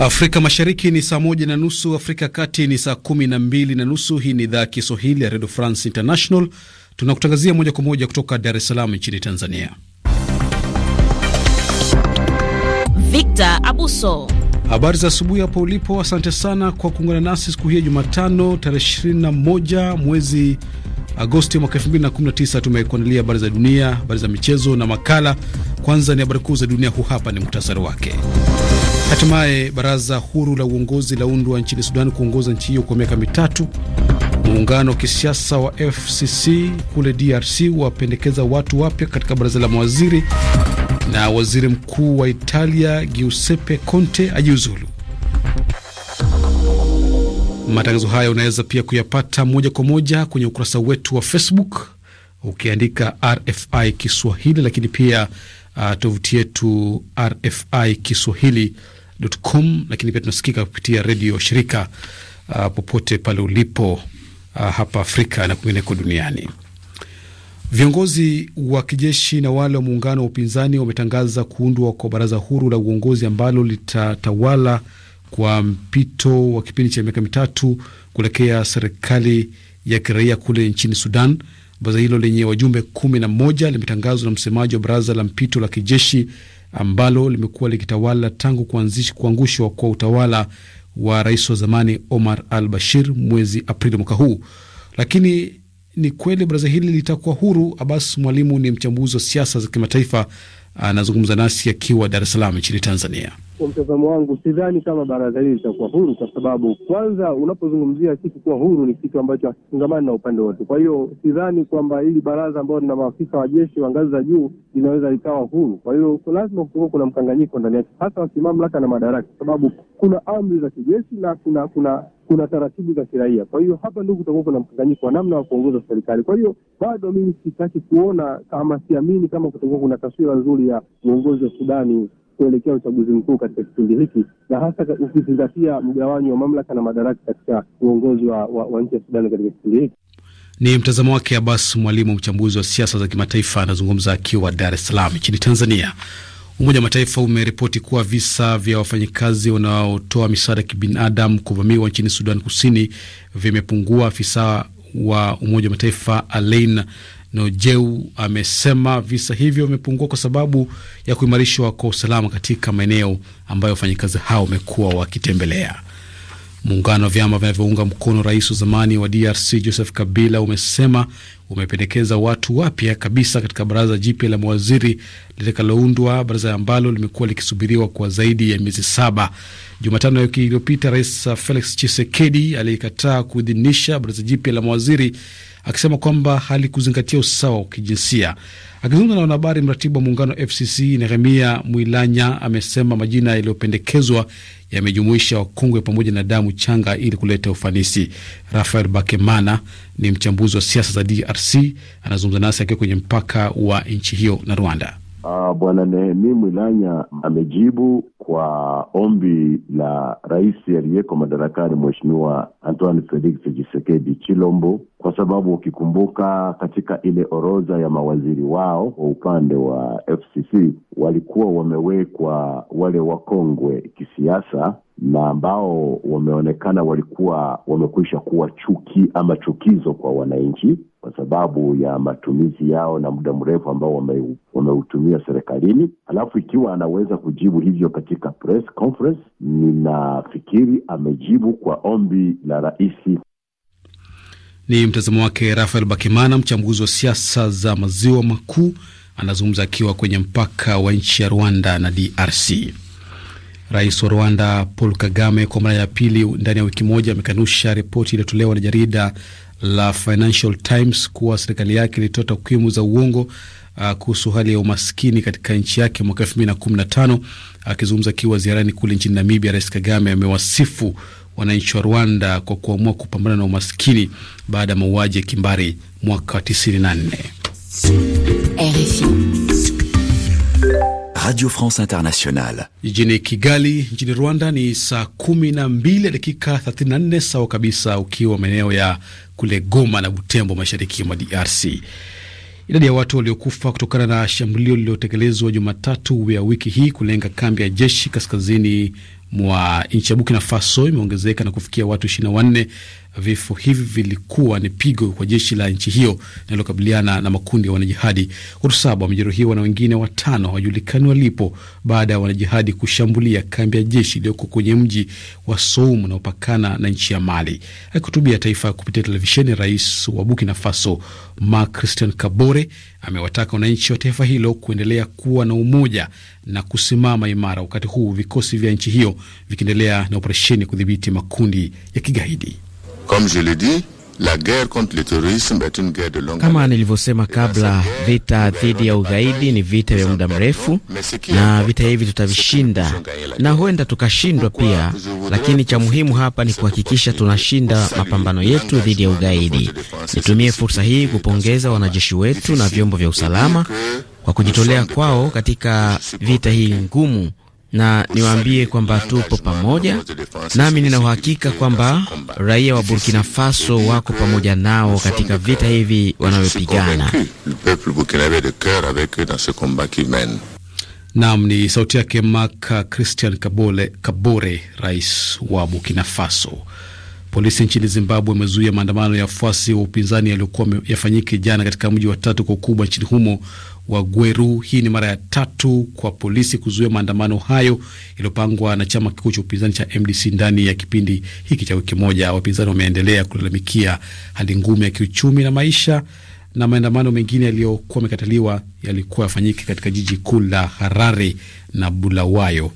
Afrika Mashariki ni saa moja na nusu, Afrika ya Kati ni saa kumi na mbili na nusu. Hii ni idhaa ya Kiswahili ya Redio France International, tunakutangazia moja kwa moja kutoka Dar es Salaam nchini Tanzania. Victor Abuso, habari za asubuhi hapo ulipo. Asante sana kwa kuungana nasi siku hii ya Jumatano tarehe 21 mwezi Agosti mwaka 2019. Tumekuandalia habari za dunia, habari za michezo na makala. Kwanza ni habari kuu za dunia, huu hapa ni muhtasari wake. Hatimaye baraza huru la uongozi la undwa nchini Sudan kuongoza nchi hiyo kwa miaka mitatu. Muungano wa kisiasa wa FCC kule DRC wapendekeza watu wapya katika baraza la mawaziri, na waziri mkuu wa Italia Giuseppe Conte ajiuzulu. Matangazo haya unaweza pia kuyapata moja kwa moja kwenye ukurasa wetu wa Facebook ukiandika RFI Kiswahili, lakini pia uh, tovuti yetu RFI Kiswahili com, lakini pia tunasikika kupitia redio shirika uh, popote pale ulipo uh, hapa Afrika na kwingineko duniani. Viongozi wa kijeshi na wale wa muungano wa upinzani wametangaza kuundwa kwa baraza huru la uongozi ambalo litatawala kwa mpito wa kipindi cha miaka mitatu kuelekea serikali ya kiraia kule nchini Sudan. Baraza hilo lenye wajumbe kumi na moja limetangazwa na msemaji wa baraza la mpito la kijeshi ambalo limekuwa likitawala tangu kuangushwa kwa utawala wa rais wa zamani Omar al Bashir mwezi Aprili mwaka huu. Lakini ni kweli baraza hili litakuwa huru? Abbas Mwalimu ni mchambuzi wa siasa za kimataifa, anazungumza nasi akiwa Dar es Salaam nchini Tanzania kwa mtazamo wangu sidhani kama baraza hili litakuwa huru, kwa sababu kwanza, unapozungumzia kitu kuwa huru, ni kitu ambacho hakifungamani na upande wote. Kwa hiyo sidhani kwamba hili baraza ambao lina maafisa wa jeshi wa ngazi za juu linaweza likawa huru. Kwa hiyo lazima kutakuwa kuna mkanganyiko ndani yake, hasa wa mamlaka na madaraka, kwa sababu kuna amri za kijeshi na kuna kuna kuna taratibu za kiraia. Kwa hiyo hapa ndio kutakuwa kuna mkanganyiko wa namna wa kuongoza serikali. Kwa hiyo bado mimi sitaki kuona kama, siamini kama kutakuwa kuna taswira nzuri ya uongozi wa Sudani kuelekea uchaguzi mkuu katika kipindi hiki, na hasa ukizingatia mgawanyo wa mamlaka na madaraka katika uongozi wa, wa, wa nchi ya Sudani katika kipindi hiki. Ni mtazamo wake Abbas Mwalimu, mchambuzi wa siasa za kimataifa, anazungumza akiwa Dar es Salaam nchini Tanzania. Umoja wa Mataifa umeripoti kuwa visa vya wafanyakazi wanaotoa misaada ya kibinadamu kuvamiwa nchini Sudan Kusini vimepungua. Afisa wa Umoja wa Mataifa Alain Nojeu amesema visa hivyo vimepungua kwa sababu ya kuimarishwa kwa usalama katika maeneo ambayo wafanyakazi hao wamekuwa wakitembelea. Muungano wa vyama vinavyounga mkono rais wa zamani wa DRC Joseph Kabila umesema umependekeza watu wapya kabisa katika baraza jipya la mawaziri litakaloundwa, baraza ambalo limekuwa likisubiriwa kwa zaidi ya miezi saba. Jumatano ya wiki iliyopita, Rais Felix Tshisekedi aliyekataa kuidhinisha baraza jipya la mawaziri akisema kwamba halikuzingatia usawa wa kijinsia. Akizungumza na wanahabari, mratibu wa muungano wa FCC Nehemia Mwilanya amesema majina yaliyopendekezwa yamejumuisha wakongwe pamoja na damu changa ili kuleta ufanisi. Rafael Bakemana ni mchambuzi wa siasa za DRC, anazungumza nasi akiwa kwenye mpaka wa nchi hiyo na Rwanda. Uh, Bwana Nehemi Mwilanya amejibu kwa ombi la rais aliyeko madarakani Mheshimiwa Antoine Felix chisekedi Chilombo, kwa sababu ukikumbuka katika ile orodha ya mawaziri wao wa upande wa FCC walikuwa wamewekwa wale wakongwe kisiasa na ambao wameonekana walikuwa wamekwisha kuwa chuki ama chukizo kwa wananchi kwa sababu ya matumizi yao na muda mrefu ambao wameutumia wame serikalini. Alafu ikiwa anaweza kujibu hivyo katika press conference, ninafikiri amejibu kwa ombi la rahisi Ni mtazamo wake Rafael Bakimana, mchambuzi wa siasa za maziwa makuu, anazungumza akiwa kwenye mpaka wa nchi ya Rwanda na DRC. Rais wa Rwanda Paul Kagame kwa mara ya pili ndani ya wiki moja amekanusha ripoti iliyotolewa na jarida la Financial Times kuwa serikali yake ilitoa takwimu za uongo uh, kuhusu hali ya umaskini katika nchi yake mwaka elfu mbili na kumi na tano. Akizungumza akiwa ziarani kule nchini Namibia, Rais Kagame amewasifu wananchi wa Rwanda kwa kuamua kupambana na umaskini baada ya mauaji ya kimbari mwaka 94. Radio France Internationale jijini Kigali nchini Rwanda. Ni saa kumi na mbili dakika 34, sawa kabisa ukiwa maeneo ya kule Goma na Butembo, mashariki mwa DRC. Idadi ya watu waliokufa kutokana na shambulio lililotekelezwa Jumatatu ya wiki hii kulenga kambi ya jeshi kaskazini mwa nchi ya bukina Faso imeongezeka na kufikia watu 24 Vifo hivi vilikuwa ni pigo kwa jeshi la nchi hiyo linalokabiliana na makundi ya wanajihadi. Watu saba wamejeruhiwa na wengine watano hawajulikani walipo baada ya wanajihadi kushambulia kambi ya jeshi iliyoko kwenye mji wa Soum unaopakana na nchi ya Mali. Akihutubia taifa kupitia televisheni, rais wa Burkina Faso Marc Christian Kabore amewataka wananchi wa taifa hilo kuendelea kuwa na umoja na kusimama imara, wakati huu vikosi vya nchi hiyo vikiendelea na operesheni ya kudhibiti makundi ya kigaidi. Kama nilivyosema kabla, vita dhidi ya ugaidi ni vita vya muda mrefu, na vita hivi tutavishinda na huenda tukashindwa pia, lakini cha muhimu hapa ni kuhakikisha tunashinda mapambano yetu dhidi ya ugaidi. Nitumie fursa hii kupongeza wanajeshi wetu na vyombo vya usalama kwa kujitolea kwao katika vita hii ngumu na niwaambie kwamba tupo pamoja, nami nina uhakika kwamba raia wa Burkina Faso wako pamoja nao katika vita hivi wanavyopigana. Naam, ni sauti yake Maka Christian Kabore, Kabore, rais wa Burkina Faso. Polisi nchini Zimbabwe wamezuia maandamano ya wafuasi wa upinzani yaliyokuwa yafanyike jana katika mji wa tatu kwa ukubwa nchini humo wa Gweru. Hii ni mara ya tatu kwa polisi kuzuia maandamano hayo yaliyopangwa na chama kikuu cha upinzani cha MDC ndani ya kipindi hiki cha wiki moja. Wapinzani wameendelea kulalamikia hali ngumu ya kiuchumi na maisha na maandamano mengine yaliyokuwa yamekataliwa yalikuwa yafanyike katika jiji kuu la Harare na Bulawayo.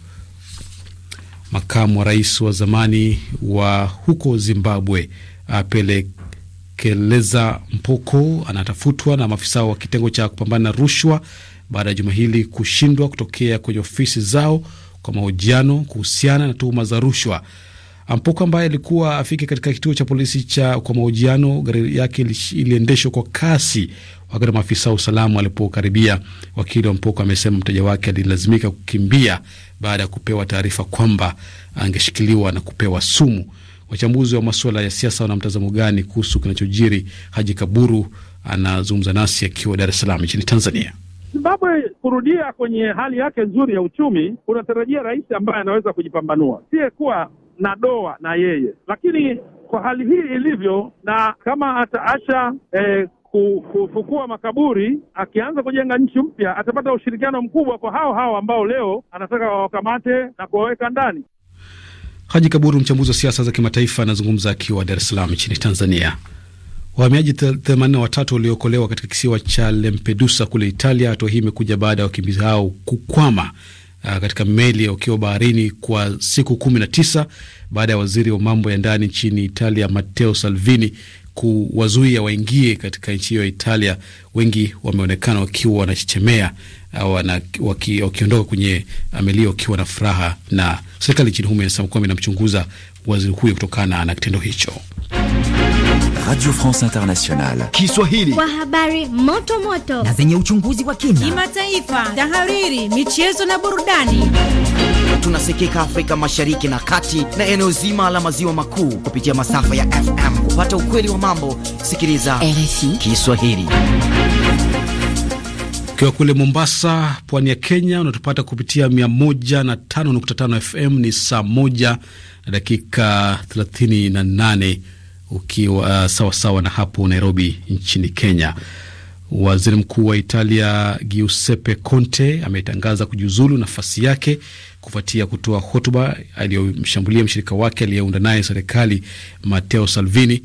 Makamu wa rais wa zamani wa huko Zimbabwe Apele Keleza Mpoko anatafutwa na maafisa wa kitengo cha kupambana na rushwa baada ya juma hili kushindwa kutokea kwenye ofisi zao kwa mahojiano kuhusiana na tuhuma za rushwa. Mpoko ambaye alikuwa afike katika kituo cha polisi cha kwa mahojiano, gari yake iliendeshwa kwa kasi wakati maafisa wa usalama walipokaribia. Wakili wa Mpoko amesema mteja wake alilazimika kukimbia baada ya kupewa taarifa kwamba angeshikiliwa na kupewa sumu. Wachambuzi wa masuala ya siasa wana mtazamo gani kuhusu kinachojiri? Haji Kaburu anazungumza nasi akiwa Dar es Salaam nchini Tanzania. Zimbabwe kurudia kwenye hali yake nzuri ya uchumi, unatarajia rais ambaye anaweza kujipambanua, siyekuwa na doa na yeye, lakini kwa hali hii ilivyo, na kama ataacha eh, kufukua makaburi akianza kujenga nchi mpya, atapata ushirikiano mkubwa kwa hao hao ambao leo anataka wawakamate na kuwaweka ndani. Haji Kaburu, mchambuzi wa siasa za kimataifa, anazungumza akiwa Dar es Salaam nchini Tanzania. Wahamiaji 83 waliokolewa katika kisiwa cha Lampedusa kule Italia. Hatua hii imekuja baada ya wakimbizi hao kukwama uh, katika meli wakiwa baharini kwa siku 19 baada ya waziri wa mambo ya ndani nchini Italia Matteo Salvini kuwazuia waingie katika nchi hiyo ya Italia. Wengi wameonekana wakiwa wanachechemea wakiondoka waki kwenye amelia wakiwa na furaha, na serikali nchini humo inasema kwamba inamchunguza waziri huyo kutokana na kitendo hicho. Radio France Internationale Kiswahili, kwa habari moto moto na zenye uchunguzi wa kina, kimataifa, tahariri, michezo na burudani. Tunasikika Afrika Mashariki na Kati na eneo zima la maziwa makuu kupitia masafa ya FM. Kupata ukweli wa mambo, sikiliza RFI Kiswahili. Ukiwa kule Mombasa, pwani ya Kenya, unatupata kupitia 105.5 FM. Ni saa moja na dakika 38, ukiwa sawasawa uh, sawa na hapo Nairobi nchini Kenya. Waziri Mkuu wa Italia Giuseppe Conte ametangaza kujiuzulu nafasi yake kufuatia kutoa hotuba aliyomshambulia mshirika wake aliyeunda naye serikali Matteo Salvini.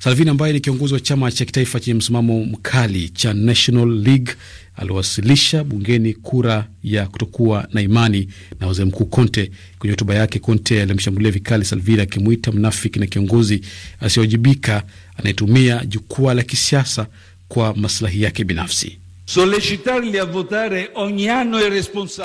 Salvini ambaye ni kiongozi wa chama cha kitaifa chenye msimamo mkali cha National League aliwasilisha bungeni kura ya kutokuwa na imani na waziri mkuu Conte. Kwenye hotuba yake, Conte alimshambulia vikali Salvini akimwita mnafiki na kiongozi asiyowajibika anayetumia jukwaa la kisiasa kwa maslahi yake binafsi.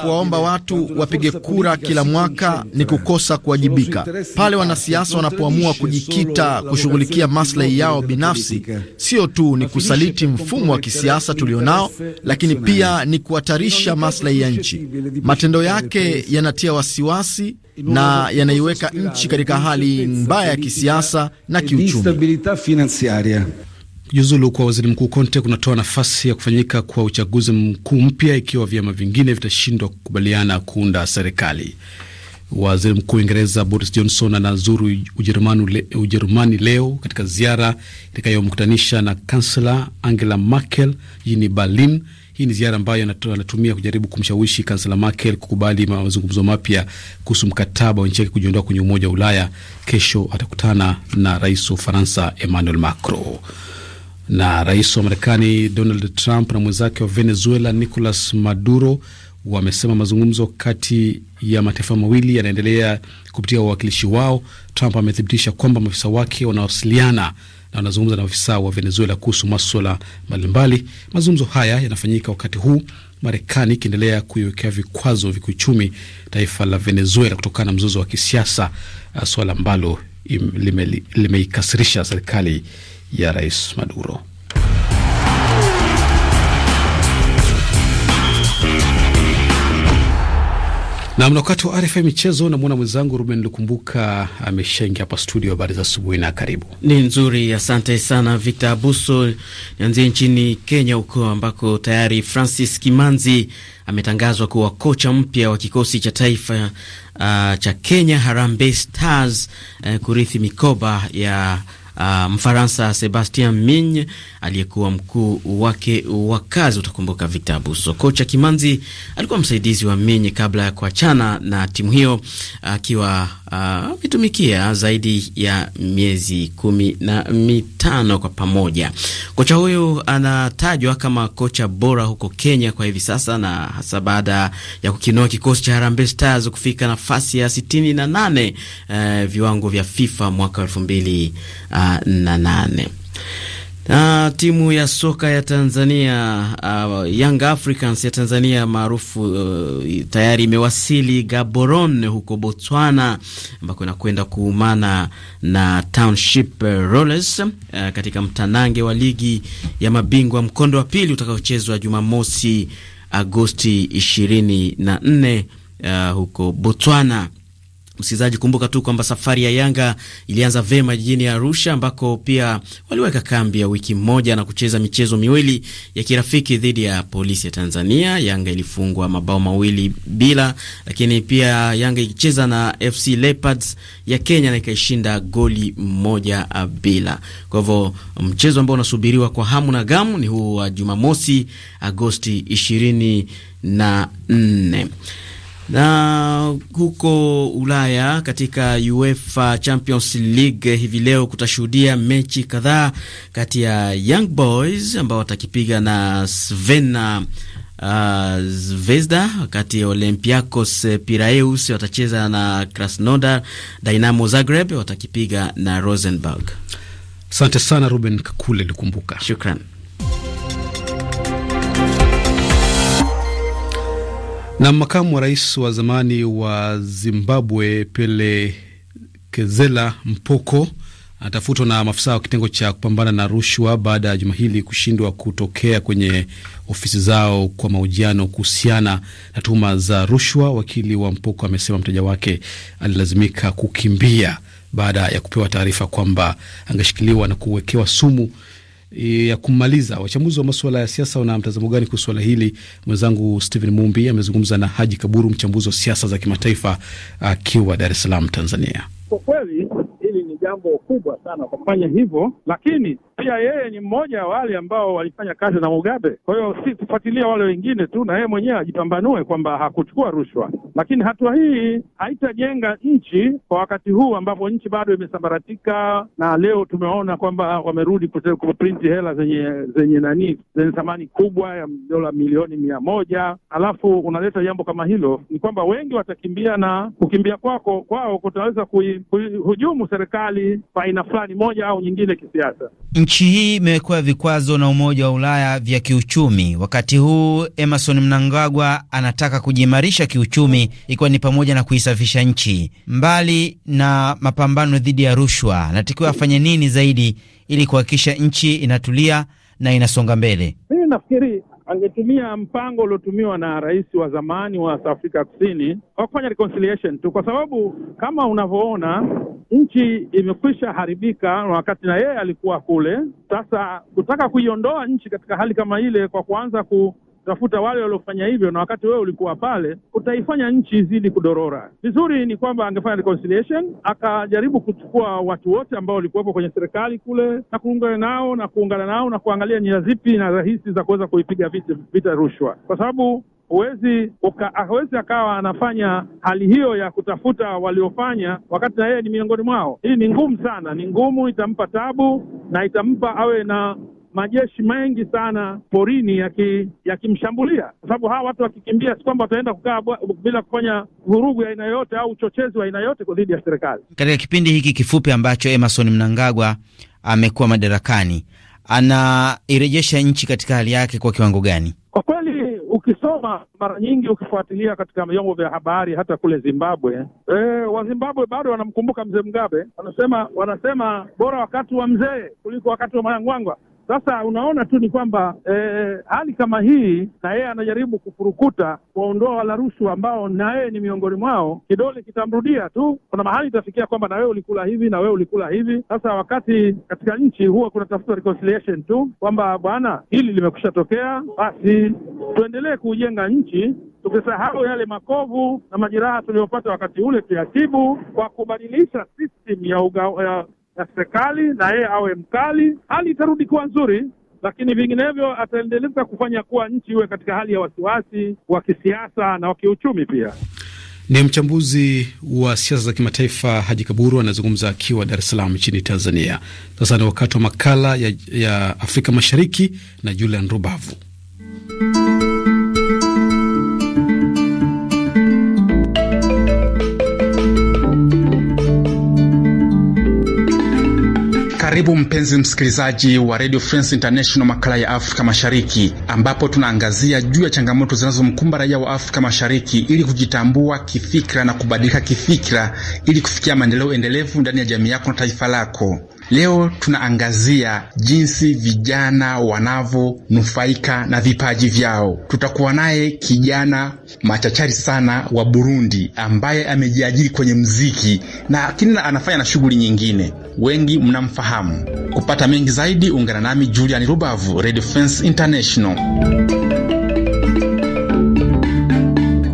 Kuwaomba watu wapige kura kila mwaka ni eh, kukosa kuwajibika. Pale wanasiasa wanapoamua kujikita kushughulikia maslahi yao binafsi, sio tu ni kusaliti mfumo wa kisiasa tulionao, lakini pia ni kuhatarisha maslahi ya nchi. Matendo yake yanatia wasiwasi na yanaiweka nchi katika hali mbaya ya kisiasa na e kiuchumi. Kujiuzulu kwa waziri mkuu Conte kunatoa nafasi ya kufanyika kwa uchaguzi mkuu mpya ikiwa vyama vingine vitashindwa kukubaliana kuunda serikali. Waziri mkuu Uingereza Boris Johnson anazuru Ujerumani, Ujerumani leo katika ziara itakayomkutanisha na kansela Angela Merkel jijini Berlin. Hii ni ziara ambayo anatumia kujaribu kumshawishi kansela Merkel kukubali mazungumzo mapya kuhusu mkataba wa nchi yake kujiondoa kwenye Umoja wa Ulaya. Kesho atakutana na rais wa Ufaransa Emmanuel Macron. Na rais wa Marekani Donald Trump na mwenzake wa Venezuela Nicolas Maduro wamesema mazungumzo kati ya mataifa mawili yanaendelea kupitia wawakilishi wao. Trump amethibitisha kwamba maafisa wake wanawasiliana na wanazungumza na afisa wa Venezuela kuhusu maswala mbalimbali. Mazungumzo haya yanafanyika wakati huu Marekani ikiendelea kuiwekea vikwazo vya kiuchumi taifa la Venezuela kutokana na mzozo wa kisiasa, swala ambalo limeikasirisha lime serikali ya Rais Maduro. Na wakati wa RFI michezo, namwona mwenzangu Ruben Lukumbuka ameshaingia hapa studio. Habari za asubuhi na karibu. Ni nzuri, asante sana Victor Abuso. Nianzie nchini Kenya huko ambako tayari Francis Kimanzi ametangazwa kuwa kocha mpya wa kikosi cha taifa uh, cha Kenya Harambee Stars uh, kurithi mikoba ya uh, Mfaransa sebastian Migne aliyekuwa mkuu wake wa kazi. Utakumbuka Victor Abuso. Kocha Kimanzi alikuwa msaidizi wa Migne kabla ya kuachana na timu hiyo akiwa uh, ametumikia ah, uh, zaidi ya miezi kumi na mitano kwa pamoja. Kocha huyu anatajwa kama kocha bora huko Kenya kwa hivi sasa, na hasa baada ya kukinoa kikosi cha Harambee Stars kufika nafasi ya sitini na nane uh, viwango vya FIFA mwaka elfu mbili uh, na nane. Na timu ya soka ya Tanzania uh, Young Africans ya Tanzania maarufu uh, tayari imewasili Gaborone huko Botswana ambako inakwenda kuumana na Township Rollers uh, katika mtanange wa ligi ya mabingwa mkondo wa pili utakaochezwa Jumamosi Agosti 24 uh, huko Botswana. Msikilizaji, kumbuka tu kwamba safari ya Yanga ilianza vema jijini Arusha ambako pia waliweka kambi ya wiki moja na kucheza michezo miwili ya kirafiki dhidi ya polisi ya Tanzania. Yanga ilifungwa mabao mawili bila, lakini pia Yanga ikicheza na FC Leopards ya Kenya na ikaishinda goli moja bila. Kwa hivyo mchezo ambao unasubiriwa kwa hamu na gamu ni huu wa Jumamosi, Agosti ishirini na nne. Na huko Ulaya katika UEFA Champions League hivi leo kutashuhudia mechi kadhaa kati ya Young Boys ambao watakipiga na Svena uh, Zvezda, wakati Olympiacos Piraeus watacheza na Krasnodar. Dinamo Zagreb watakipiga na Rosenborg. Asante sana Ruben Kakule, likumbuka. Shukran. Na makamu wa rais wa zamani wa Zimbabwe Kezela Mpoko anatafutwa na maafisa wa kitengo cha kupambana na rushwa baada ya juma hili kushindwa kutokea kwenye ofisi zao kwa mahojiano kuhusiana na tuhuma za rushwa. Wakili wa Mpoko amesema mteja wake alilazimika kukimbia baada ya kupewa taarifa kwamba angeshikiliwa na kuwekewa sumu E, ya kumaliza, wachambuzi wa masuala ya siasa wana mtazamo gani kuhusu swala hili? Mwenzangu Stephen Mumbi amezungumza na Haji Kaburu, mchambuzi wa siasa za kimataifa akiwa Dar es Salaam, Tanzania. Kwa kweli hili ni jambo kubwa sana kwa kufanya hivyo, lakini pia yeye ni mmoja wa wale ambao walifanya kazi na Mugabe. Kwa hiyo si tufuatilia wale wengine tu, na yeye mwenyewe ajipambanue kwamba hakuchukua rushwa. Lakini hatua hii haitajenga nchi kwa wakati huu ambapo nchi bado imesambaratika, na leo tumeona kwamba wamerudi kuprinti hela zenye zenye nani zenye thamani kubwa ya dola milioni mia moja. Alafu unaleta jambo kama hilo, ni kwamba wengi watakimbia, na kukimbia kwako kwao kutaweza kuhujumu serikali kwa aina fulani moja au nyingine kisiasa. Nchi hii imewekewa vikwazo na Umoja wa Ulaya vya kiuchumi. Wakati huu Emerson Mnangagwa anataka kujiimarisha kiuchumi ikiwa ni pamoja na kuisafisha nchi. Mbali na mapambano dhidi ya rushwa, anatakiwa afanye nini zaidi ili kuhakikisha nchi inatulia na inasonga mbele? Mimi nafikiri angetumia mpango uliotumiwa na rais wa zamani wa Africa Kusini wa kufanya reconciliation tu, kwa sababu kama unavyoona nchi imekwisha haribika, wakati na yeye alikuwa kule. Sasa kutaka kuiondoa nchi katika hali kama ile kwa kuanza ku kutafuta wale waliofanya hivyo, na wakati wewe ulikuwa pale, utaifanya nchi izidi kudorora. Vizuri ni kwamba angefanya reconciliation, akajaribu kuchukua watu wote ambao walikuwepo kwenye serikali kule na kuungana nao na kuungana nao na kuangalia njia zipi na rahisi za kuweza kuipiga vita, vita rushwa, kwa sababu huwezi hawezi akawa anafanya hali hiyo ya kutafuta waliofanya wakati na yeye ni miongoni mwao. Hii ni ngumu sana, ni ngumu, itampa tabu na itampa awe na majeshi mengi sana porini yakimshambulia yaki, kwa sababu hawa watu wakikimbia, si kwamba wataenda kukaa bila kufanya vurugu ya aina yoyote au uchochezi wa aina yoyote dhidi ya serikali. Katika kipindi hiki kifupi ambacho Emerson Mnangagwa amekuwa madarakani, anairejesha nchi katika hali yake kwa kiwango gani? Kwa kweli ukisoma mara nyingi, ukifuatilia katika vyombo vya habari hata kule Zimbabwe, e, eh, Wazimbabwe bado wanamkumbuka mzee Mugabe. Wanasema wanasema bora wakati wa mzee kuliko wakati wa mayangwangwa sasa unaona tu ni kwamba eh, hali kama hii, na yeye anajaribu kufurukuta kuwaondoa wala rushwa ambao na yeye ni miongoni mwao. Kidole kitamrudia tu, kuna mahali itafikia kwamba na wewe ulikula hivi na wewe ulikula hivi. Sasa wakati katika nchi huwa kuna tafuta reconciliation tu kwamba bwana, hili limekusha tokea, basi tuendelee kuujenga nchi tukisahau yale makovu na majeraha tuliyopata wakati ule, tuyatibu kwa kubadilisha system ya uga, ya ya serikali na yeye awe mkali, hali itarudi kuwa nzuri, lakini vinginevyo ataendeleza kufanya kuwa nchi iwe katika hali ya wasiwasi wa kisiasa na wa kiuchumi pia. Ni mchambuzi wa siasa za kimataifa Haji Kaburu anazungumza akiwa Dar es Salaam nchini Tanzania. Sasa ni wakati wa makala ya, ya Afrika Mashariki na Julian Rubavu. Karibu mpenzi msikilizaji wa Radio France International, makala ya Afrika Mashariki, ambapo tunaangazia juu ya changamoto zinazomkumba raia wa Afrika Mashariki ili kujitambua kifikra na kubadilika kifikra ili kufikia maendeleo endelevu ndani ya jamii yako na taifa lako. Leo tunaangazia jinsi vijana wanavyonufaika na vipaji vyao. Tutakuwa naye kijana machachari sana wa Burundi ambaye amejiajiri kwenye mziki, na lakini anafanya na shughuli nyingine, wengi mnamfahamu. Kupata mengi zaidi, ungana nami Julian Rubavu, Radio France International.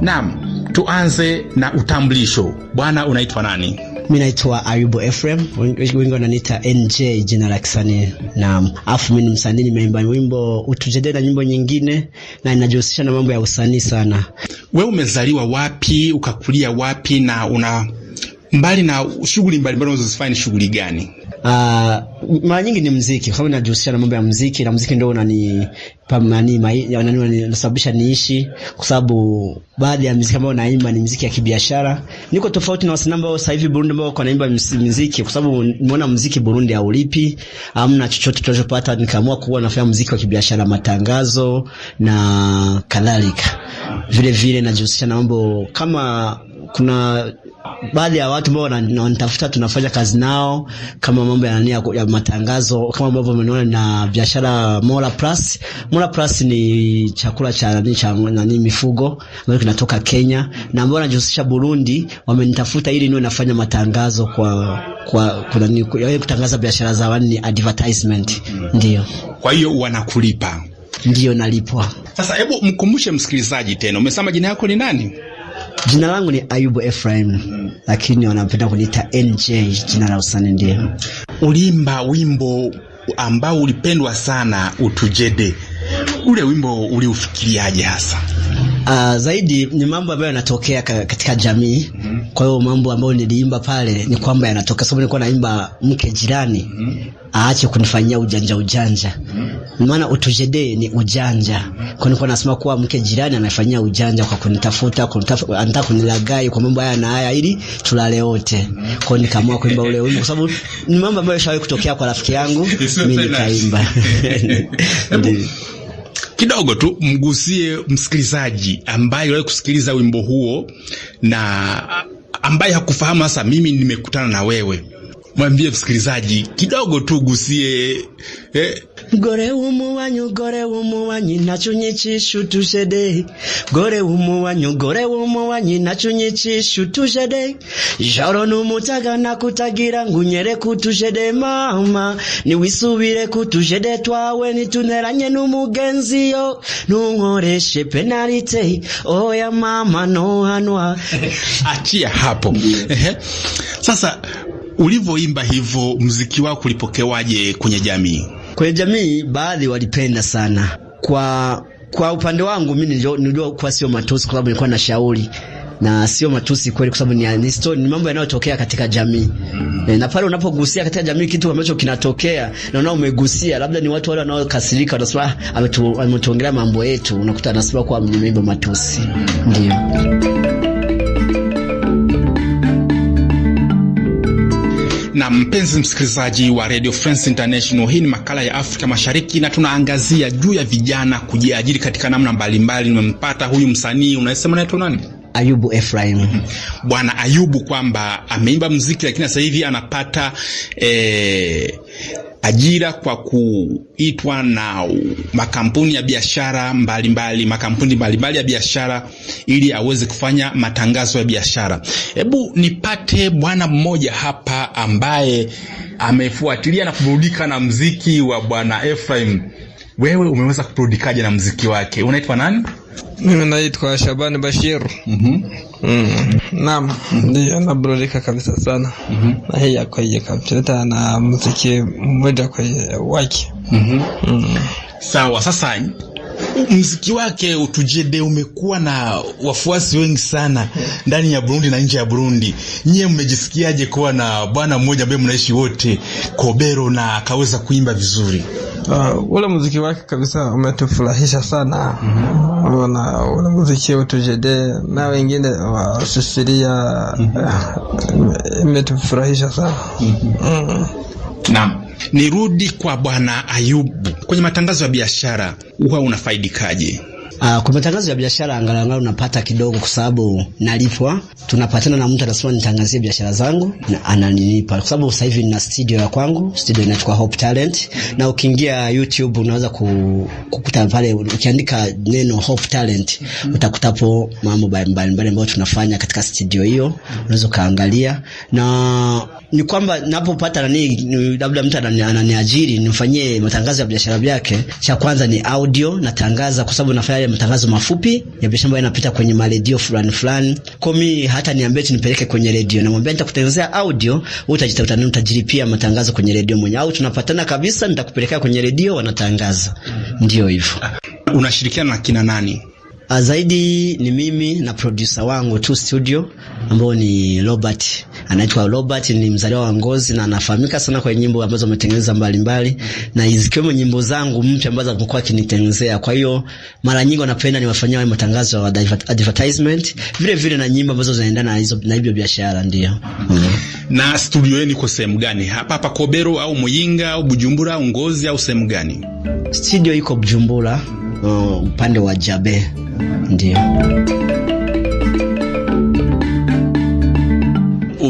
Naam, tuanze na utambulisho. Bwana, unaitwa nani? mi naitwa Ayubu Efrem, wengi wananiita NJ, jina la kisanii. Naam, afu mi ni msanii, nimeimba wimbo Utujede na nyimbo nyingine, na inajihusisha na mambo ya usanii sana. We umezaliwa wapi, ukakulia wapi, na una mbali na shughuli mbalimbali unazozifanya ni shughuli gani? Uh, mara nyingi ni mziki, kwa sababu najihusisha na mambo ya mziki na mziki ndio unani niishi, kwa sababu baadhi ya mziki ambayo naimba ni mziki ya kibiashara. Niko tofauti na wasanii ambao sasa hivi Burundi ambao wanaimba mziki, kwa sababu nimeona mziki Burundi haulipi, hamna chochote tunachopata, nikaamua kuwa nafanya mziki wa kibiashara, matangazo na kadhalika. Vile vile najihusisha na mambo kama kuna baadhi ya watu ambao wananitafuta, tunafanya kazi nao kama mambo ya nani ya matangazo, kama ambavyo mmeniona na biashara Mola Plus. Mola Plus ni chakula cha nani cha nani mifugo ambayo kinatoka Kenya, na ambao wanajihusisha Burundi wamenitafuta ili niwe nafanya matangazo kwa kwa kuna ni kutangaza biashara za wani advertisement, mm. ndio. Kwa hiyo wanakulipa? Ndio, nalipwa. Sasa hebu mkumbushe msikilizaji tena, umesema jina yako ni nani? Jina langu ni Ayubu Efraim lakini wanapenda kuniita NJ, jina la usani. Ndio ulimba wimbo ambao ulipendwa sana utujede, ule wimbo uliufikiriaje hasa? Uh, zaidi ni mambo ambayo yanatokea katika jamii. Mhm. Kwa hiyo mambo ambayo niliimba pale ni kwamba yanatokea, sababu nilikuwa naimba mke jirani mhm. aache kunifanyia ujanja ujanja maana utujede ni ujanja. Kwa niko nasema kuwa mke jirani anafanyia ujanja kwa kunitafuta, kunitafuta, anataka kunilagai kwa mambo haya na haya ili tulale wote. Kwa nikaamua kuimba ule wimbo kwa sababu ni mambo ambayo yashawahi kutokea kwa rafiki yangu, mimi nikaimba. kidogo tu mgusie msikilizaji ambaye aliwahi kusikiliza wimbo huo na ambaye hakufahamu hasa mimi nimekutana na wewe mwambie msikilizaji kidogo tu gusie eh, gore umu wanyu gore w'umubanyi nacyo unyicisha utuje de gore umu wanyu gore w'umubanyi nacyo unyicisha utuje de joro n'umutaga na kutagira ngunyere kutuje de mama niwisubire kutuje de twawe nituneranye n'umugenzi yo ntunkoreshe penalite oya mama no hanwa achia hapo sasa ulivyoimba hivyo mziki wako ulipokewaje kwenye jamii Kwenye jamii baadhi walipenda sana. Kwa kwa upande wangu mimi nilijua kuwa sio matusi, kwa sababu nilikuwa na shauri na sio matusi kweli, kwa sababu ni, ni, story, ni mambo yanayotokea katika jamii mm. E, na pale unapogusia katika jamii kitu ambacho kinatokea na unao umegusia, labda ni watu wale wanaokasirika, wanasema ametuongelea mambo yetu, unakuta anasema kuwa mmeimba matusi, mm. ndio na mpenzi msikilizaji wa Radio France International, hii ni makala ya Afrika Mashariki na tunaangazia juu ya vijana kujiajiri katika namna mbalimbali. Nimempata huyu msanii, unasema naitwa nani? Ayubu Efraim. Mhm. Bwana Ayubu kwamba ameimba mziki lakini sasa hivi anapata eh, ajira kwa kuitwa na makampuni ya biashara mbalimbali, makampuni mbalimbali ya biashara ili aweze kufanya matangazo ya biashara. Hebu nipate bwana mmoja hapa ambaye amefuatilia na kuburudika na mziki wa bwana Ephraim. Wewe umeweza kuburudikaje na mziki wake? Unaitwa nani? Mimi naitwa Shabani Bashir. mm -hmm. Mm. Naam, ndio naburudika kabisa sana mm -hmm. na hii yakwaye kabisa na muziki mmoja kwa wake mm -hmm. mm. Sawa, sasa mziki wake utujede umekuwa na wafuasi wengi sana ndani ya Burundi na nje ya Burundi. Nyie mmejisikiaje kuwa na bwana mmoja ambaye mnaishi wote Kobero na akaweza kuimba vizuri? Uh, ule muziki wake kabisa umetufurahisha sana mm -hmm. Una ule muziki utujede na wengine wa mm -hmm. Imetufurahisha sana mm -hmm. mm. Naam. Nirudi kwa Bwana Ayubu kwenye matangazo ya biashara, huwa unafaidikaje? Uh, kwa matangazo ya biashara angalau angalau napata kidogo, kwa sababu nalipwa. Tunapatana na mtu anasema nitangazie biashara zangu na ananilipa, kwa sababu sasa hivi nina studio ya kwangu. Studio inaitwa Hope Talent, na ukiingia YouTube unaweza kukuta pale, ukiandika neno Hope Talent utakutapo mambo mbalimbali ambayo tunafanya katika studio hiyo, unaweza kaangalia. Na ni kwamba napopata nani, labda mtu ananiajiri nifanyie matangazo ya biashara yake, cha kwanza ni audio, natangaza kwa sababu nafanya matangazo mafupi ya biashara ambayo inapita kwenye maredio fulani fulani. Kwa mimi hata niambie tu nipeleke kwenye redio, namwambia nitakutengenezea audio, wewe utajitafuta nini, utajilipia matangazo kwenye redio mwenye, au tunapatana kabisa, nitakupelekea kwenye redio wanatangaza. Ndio hivyo. Unashirikiana na kina nani? Ah, zaidi ni mimi na producer wangu tu studio ambao ni Robert anaitwa Robert, ni mzaliwa wa Ngozi na anafahamika sana kwa nyimbo ambazo ametengeneza mbalimbali na zikiwemo nyimbo zangu mpya ambazo amekuwa akinitengenezea. Kwa hiyo mara nyingi wanapenda niwafanyia hayo matangazo ya advertisement, vile vile na nyimbo ambazo zinaendana na hizo na hiyo biashara ndio. Mm. Na studio yenu iko sehemu gani? Hapa hapa Kobero au Muyinga au Bujumbura au Ngozi au sehemu gani? Studio iko Bujumbura, uh, upande uh, wa Jabe ndio.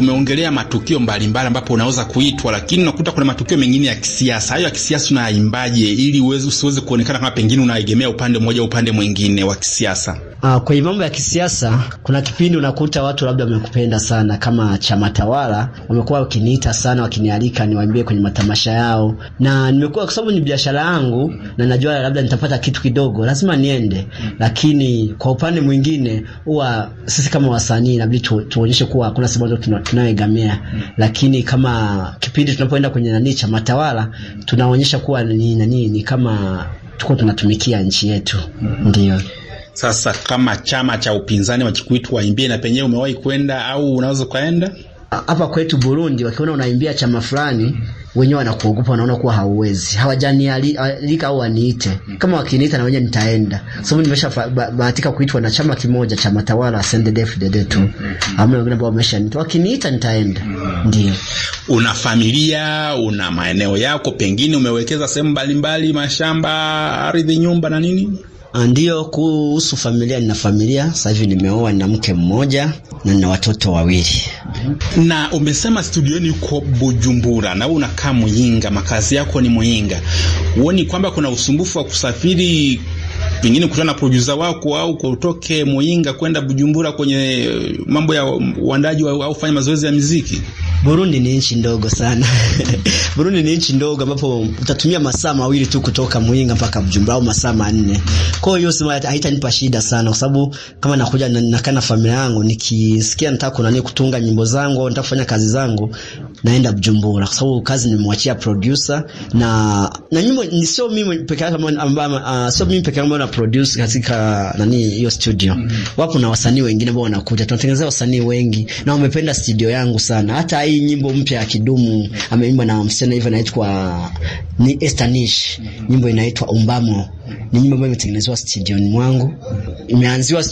umeongelea matukio mbalimbali ambapo unaweza kuitwa, lakini unakuta kuna matukio mengine ya kisiasa. Hayo ya kisiasa unayaimbaje ili usiweze kuonekana kama pengine unaegemea upande mmoja au upande mwingine wa kisiasa? Uh, kwenye mambo ya kisiasa kuna kipindi unakuta watu labda wamekupenda sana kama chama tawala, wamekuwa wakiniita sana, wakinialika niwaambie kwenye matamasha yao, na nimekuwa kwa sababu ni biashara yangu na najua labda nitapata kitu kidogo, lazima niende. Lakini kwa upande mwingine, huwa sisi kama wasanii inabidi tu, tuonyeshe kuwa kuna sababu tunayoegamia, lakini kama kipindi tunapoenda kwenye nani chama tawala, tunaonyesha kuwa ni nani, ni kama tuko tunatumikia nchi yetu, mm -hmm. Ndio. Sasa kama chama cha upinzani wa wakikuita waimbie, na penyewe umewahi kwenda au unaweza ukaenda? Hapa kwetu Burundi, wakiona unaimbia chama fulani wenyewe wanakuogopa, wanaona kuwa hauwezi. Hawajanialika au waniite, kama wakiniita na wenyewe nitaenda, sababu nimesha bahatika kuitwa na chama kimoja, chama tawala CNDD-FDD tu, amna wengine ambao wamesha wameshaniita. Wakiniita nitaenda. Ndio, una familia, una maeneo yako, pengine umewekeza sehemu mbalimbali, mashamba, ardhi, nyumba na nini? Ah, Ndiyo, kuhusu familia, nina familia sasa hivi, nimeoa na mke mmoja na nina watoto wawili. Na umesema studioni uko Bujumbura na wewe unakaa Muyinga, makazi yako ni Muyinga. Huoni kwamba kuna usumbufu wa kusafiri pengine kutana na producer wako au kutoke Muyinga kwenda Bujumbura kwenye eh, mambo ya uandaji au kufanya mazoezi ya muziki? Burundi ni nchi ndogo sana. Burundi ni nchi ndogo ambapo utatumia masaa mawili tu kutoka Muyinga mpaka Bujumbura au masaa manne. Kwa hiyo sema haitanipa shida sana kwa sababu kama nakuja na nakaa na familia yangu nikisikia nataka kuna nini kutunga nyimbo zangu au nataka kufanya kazi zangu naenda Bujumbura kwa sababu kazi nimemwachia producer na na nyimbo ni sio mimi peke yake ambaye uh, ah, sio mimi peke yangu na produce katika nani hiyo studio. Mm -hmm. Wapo na wasanii wengine ambao wanakuja. Tunatengenezea wasanii wengi na wamependa studio yangu sana. Hata hii nyimbo mpya ya Kidumu ameimba na msichana hivi anaitwa ni Estanish. Nyimbo inaitwa Umbamo. Ni nyimbo ambayo imetengenezwa studio ni mwangu. Imeanziwa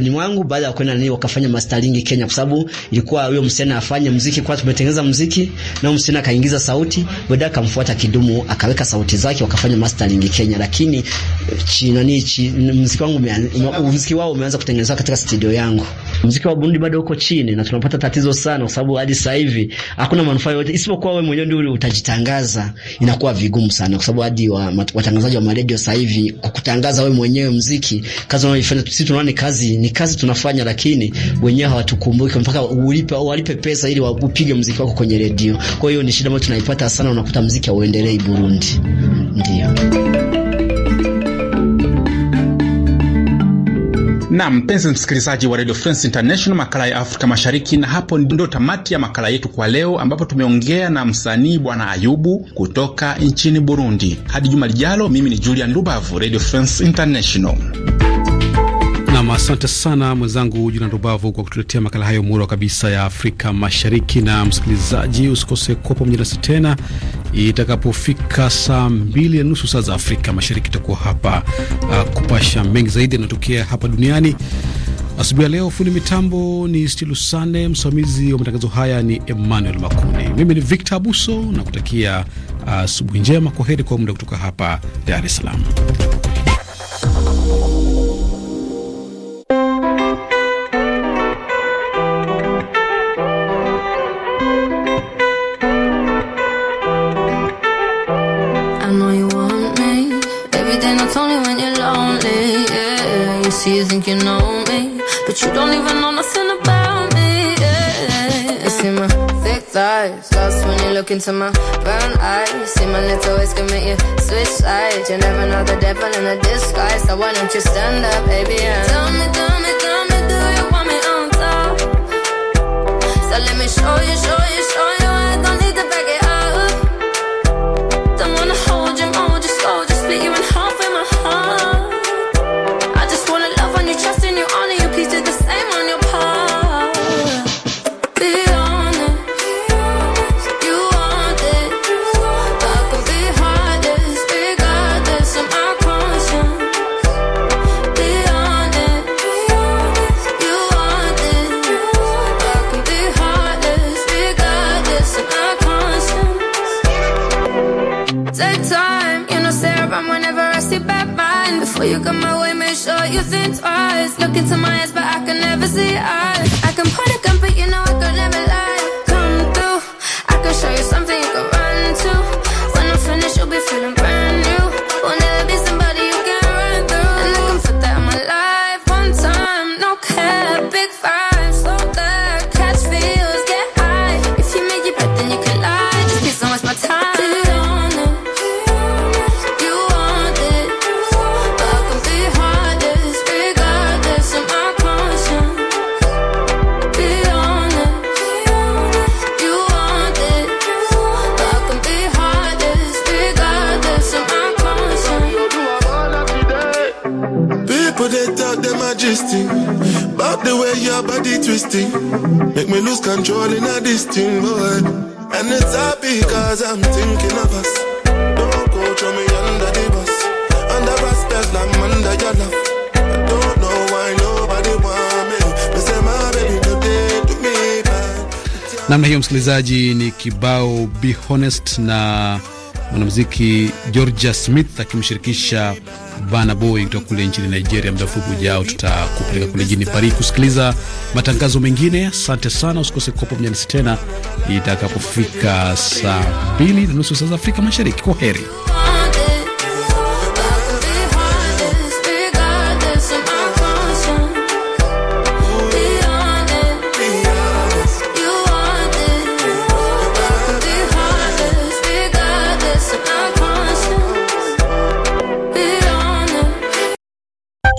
ni mwangu baada ya kwenda nini wakafanya mastering Kenya kwa sababu ilikuwa huyo msichana afanye muziki kwa tumetengeneza muziki na msichana akaingiza sauti, baadaye akamfuata Kidumu akaweka sauti zake wakafanya mastering Kenya, lakini chini nani muziki wangu muziki wao umeanza kutengenezwa katika studio yangu muziki wa Burundi bado uko chini na tunapata tatizo sana, kwa sababu hadi sasa hivi hakuna manufaa yote isipokuwa wewe mwenyewe ndio utajitangaza. Inakuwa vigumu sana, kwa sababu hadi watangazaji wa, maredio sasa hivi kukutangaza wewe mwenyewe muziki, kazi unaoifanya sisi tunaona kazi ni kazi tunafanya, lakini wenyewe hawatukumbuki mpaka ulipe walipe pesa ili upige muziki wako kwenye redio. Kwa hiyo ni shida ambayo tunaipata sana, unakuta muziki hauendelei Burundi, ndio Na mpenzi msikilizaji wa Radio France International, makala ya Afrika Mashariki, na hapo ndio tamati ya makala yetu kwa leo, ambapo tumeongea na msanii Bwana Ayubu kutoka nchini Burundi. Hadi juma lijalo, mimi ni Julian Lubavu, Radio France International. Nam, asante sana mwenzangu Juna Rubavu kwa kutuletea makala hayo murwa kabisa ya Afrika Mashariki. Na msikilizaji, usikose kuwa pamoja nasi tena itakapofika saa mbili na nusu saa za Afrika Mashariki. Itakuwa hapa uh, kupasha mengi zaidi yanayotokea hapa duniani. Asubuhi ya leo, fundi mitambo ni Stilusane, msimamizi wa matangazo haya ni Emmanuel Makuni, mimi ni Victor Abuso na kutakia uh, asubuhi uh, njema. Kwa heri kwa muda kutoka hapa Dar es Salaam. see you think you know me, but you don't even know nothing about me. Yeah. You see my thick thighs, lost when you look into my brown eyes. See my little ways commit you switch sides. You never know the devil in a disguise, so why don't you stand up, baby? And tell me, tell me, tell me, do you want me on top? So let me show you, show you, show you. mind whenever I see bad mind. Before you come my way, make sure you think twice. Look into my eyes, but I can never see eyes. I can point a gun, but you know thing. Make me lose control in a this thing, boy. And it's happy because I'm thinking of us. Don't go throw me under the bus. Under us, like I'm under your love. Namna hiyo msikilizaji ni kibao Be Honest na mwanamuziki Georgia Smith akimshirikisha bana Boy kutoka kule nchini Nigeria. Muda mfupi ujao, tutakupeleka kule jijini Paris kusikiliza matangazo mengine. Asante sana, usikose kopo mjanisi tena itakapofika saa mbili na nusu saa za Afrika Mashariki. Kwa heri.